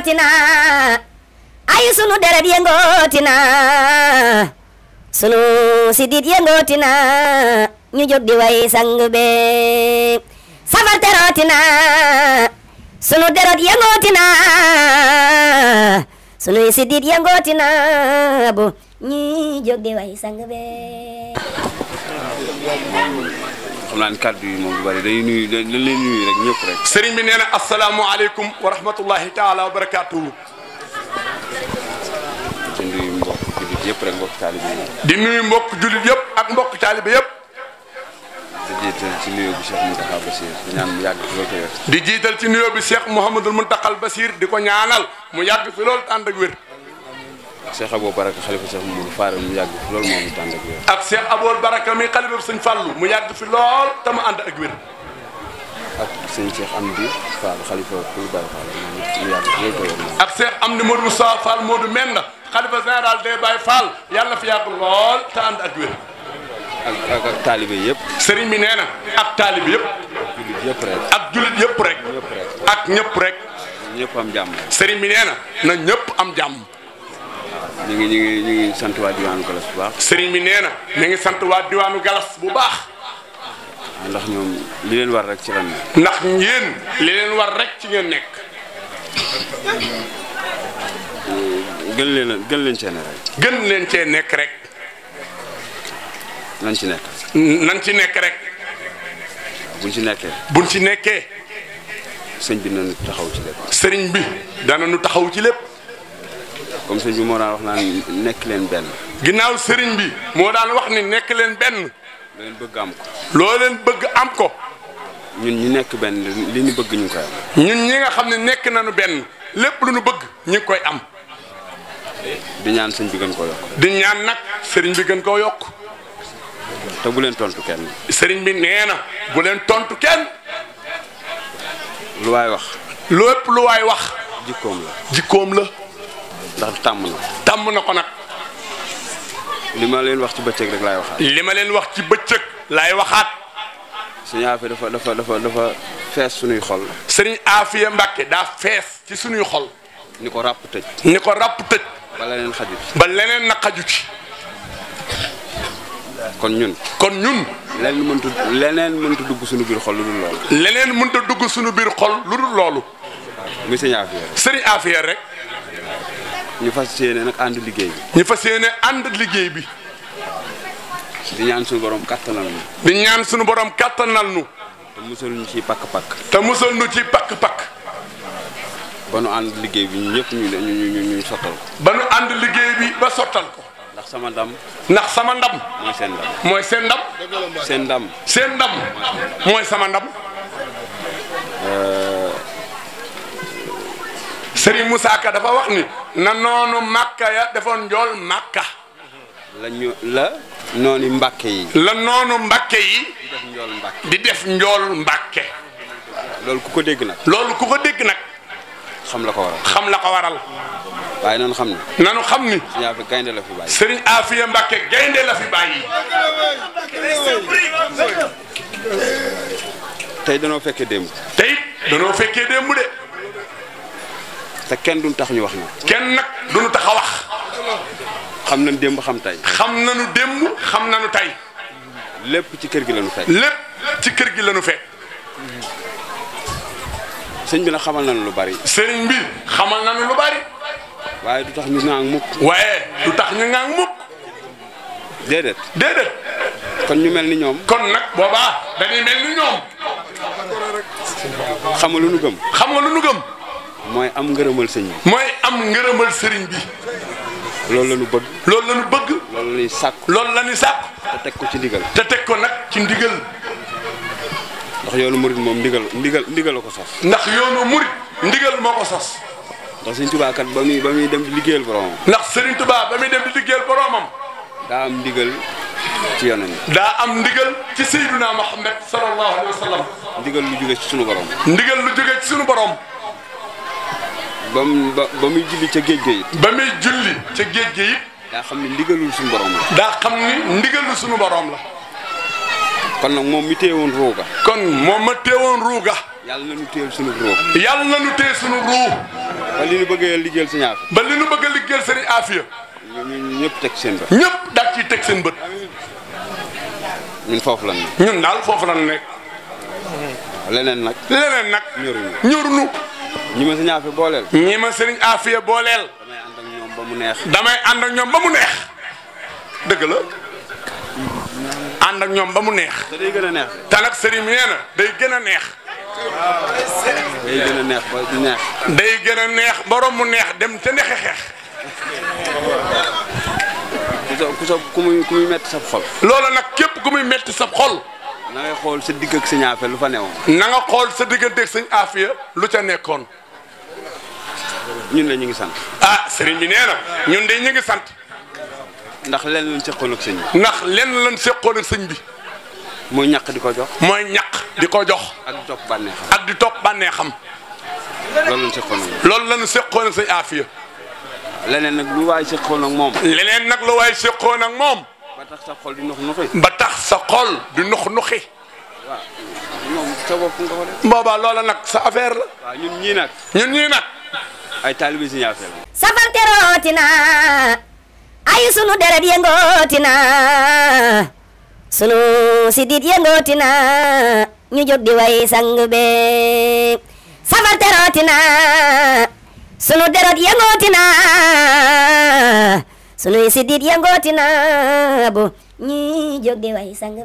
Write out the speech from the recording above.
yëngootina ay sunu deret yëngootina sunu sidit yëngootina ñu jóg di way sang be safar terootina sunu deret yëngootina sunuy sidit yëngootina bu ñu jóg di way sang xam naa ne kàddu yi moom du bëri sëriñ bi nee na asalaamualeykum wa rahmatullahi taala wa barakaatuhu. di nuyu yëpp rek mbokk di nuyu mbokk jullit yëpp ak mbokk taalibe yëpp. di jiital ci nuyoo bi Cheikh Mountakha Bassir di ñaan yàgg di jiital ci nuyoo bi Cheikh Mouhamadul Mountakha Bassir di ko ñaanal mu yàgg fi loolu ànd ak ak Cheikh Abou Baraka xalifa Cheikh Mamadou Faare mu yàgg fi xalifa sëñ Fallou mu yàgg fi lool te mu ànd ak wér. ak sëñ Cheikh Amdi Fall yàlla fi yàgg lool te ànd ak wér. ak ak ak taalibe yëpp. sëriñ mi nee na ak taalibe yëpp. ak jullit yëpp rek. ak jullit yëpp rek. ak am jàmm. sëriñ mi nee na na ñëpp am jàmm. ñu ngi ñu ngi sant waa diwaanu galas bu baax. sëriñ bi nee na ñu ngi sant waa diwaanu galas bu baax. Ah, ndax ñoom li leen war rek ci lan la. ndax yéen li leen rek ci ngeen nekk. gën leen gën leen cee ne rek. gën leen cee nekk rek. nañ ci nekk. nañ ci nekk rek. bu ci nekkee. buñ ci nekkee. sëñ bi dana nu taxaw ci lépp. sëriñ bi dana nu taxaw ci lépp. comme sëñ bi moo daan wax naan nekk leen benn. ginnaaw sëriñ bi moo daan wax ni nekk leen benn. loo bëgg am ko. loo leen bëgg am ko. ñun ñu nekk benn li ñu bëgg ñu ñun ñi nga xam ne nekk nañu benn lépp lu ñu bëgg ñu ngi koy am. di ñaan sëñ bi gën koo yokk. di ñaan nag sëriñ bi gën koo yokk. te bu leen tontu kenn. sëriñ bi nee na bu leen tontu kenn. lu waaye wax. lépp lu waay wax. jikkoom la. tàmm na tàmm na ko nag. li ma leen wax ci bëccëg rek laay waxaat. li ma leen wax ci bëccëg laay waxaat. sëñ Afia dafa dafa dafa suñuy xol. sëñ Afia Mbàkke daa fees ci suñuy xol. ni ko ràpp tëj. ni ko ràpp tëj. ba leneen xaju ci. ba leneen na xaju ci. kon ñun. kon ñun. leneen mënut leneen mënut dugg suñu biir xol lu dul loolu. leneen mënut dugg suñu biir xol lu dul loolu. muy sëñ Afia. sëñ Afia rek. ñu fa yéene nag ànd liggéey bi. ñu fas yéene ànd liggéey bi. di ñaan suñu borom kattanal nu. di ñaan suñu borom kattanal nu. te musal ñu ci pakk-pakk. te musal ñu ci pakk-pakk. ba nu ànd liggéey bi ñu ñëpp ñu ñu sottal ko. ba nu ànd liggéey bi ba sottal ko. ndax sama ndam. ndax sama ndam. mooy seen ndam. mooy seen ndam. seen ndam. seen mooy sama ndam. Euh, Serigne Moussa dafa wax ni. na noonu màkka ya defoon njool màkka la ñu la noonu mbàkke yi la noonu mbàkke yi di def njool mbàkke loolu ku ko dégg nag loolu ku ko dégg nag xam la ko waral xam la ko waral waaye nanu xam ni nanu xam ni sëriñ Afiya gaynde la fi bàyyi sëriñ Afiya Mbàkke gaynde la fi bàyyi tey danoo fekkee démb tey danoo fekkee démb de te kenn duñ tax ñu wax ñu kenn nag duñu tax a wax xam nañu démb xam xam nañu démb xam nañu tey lépp ci kër gi lañu fekk lépp ci kër gi lañu fe sëñ bi na xamal nañu lu bari sëñ bi xamal na nañu lu bari waaye du tax ñu ŋaang mukk waaye du tax ñu ŋaang mukk déedéet déedéet kon ñu mel ni ñoom kon nag boobaa dañuy mel ni ñoom xam nga lu nu gëm mooy am ngërëmal sëñ bi. mooy am ngërëmal sëriñ bi. loolu la ñu bëgg. loolu la ñu bëgg. loolu la ñuy sàkku. loolu la ñuy te teg ko ci ndigal. te teg ko nag ci ndigal. ndax yoonu murit moom ndigal ndigal ndigal ko sos. ndax yoonu murit ndigal moo ko sos. ndax sëriñ Tuubaa kat ba muy ba muy dem di liggéeyal boromam. ndax sëriñ Tuubaa ba muy dem di liggéeyal boromam. daa am ndigal ci yonent bi. daa am ndigal ci Seydina Muhammad sallallahu alayhi wa sallam. ndigal lu jóge ci sunu borom. ndigal lu jóge ci borom. ba mu ba muy julli ca géej ga it. ba muy julli ca géej ga daa xam ni ndigalul suñu borom la. daa xam ni ndigalul suñu boroom la. kon nag moom mu mi téewoon ruuga. kon moom ma téewoon ruuga. yàlla na nu téel suñu ruux. yàlla na nu téel sunu ruux. ba li nu bëggee liggéeyal sëñ Afia. ba li bëgg a liggéeyal sëñ Afia. ñun ñëpp teg seen bët. ñëpp daal ciy teg seen bët. ñun foofu la nekk. ñun daal foofu lan nekk. leneen nag. leneen nag ñoruñu ñoruñu. ñi ma sëriñ Afia booleel. ñi ma sëriñ Afia booleel. damay ànd ak ñoom ba mu neex. damay ànd ñoom ba mu neex. dëgg la. ànd ak ñoom ba mu neex. te day gën a neex. te nag sëriñ nee day gën a neex. day gën a neex ba neex. day gën a neex borom mu neex dem te neexe xeex. ku sa ku muy ku muy metti sab xol. loola nag képp ku muy metti sab xol. na xool sa digg ak sëñ lu fa new na xool sa digganteeg sëñ Afia lu ca nekkoon. ñun de ñu ngi sant. ah sëriñ bi nee na ñun de ñu ngi sant. ndax lenn lañ seqoon ak sëñ bi. sëñ bi. mooy ñaq di ko jox. mooy ñaq di ko jox. ak di topp bànneexam. ak di topp bànneexam. loolu lañ seqoon ak loolu lañ seqoon ak sëñ Afia. leneen nag lu waay seqoon moom. leneen nag lu waay seqoon ak moom. ba tax sa xol di nux nuxi. ba tax sa xol di nux nuxi. waaw moom loola nag sa affaire la. ñun ñii nag. ñun ñii ay taalibe Sëriñ Afia safar terooti na ay sunu deret yëngooti na sunu sidit yëngooti na ñu jóg di way sang safar terooti na sunu deret yëngooti na sunu sidit yëngooti na bu ñu jóg di way sang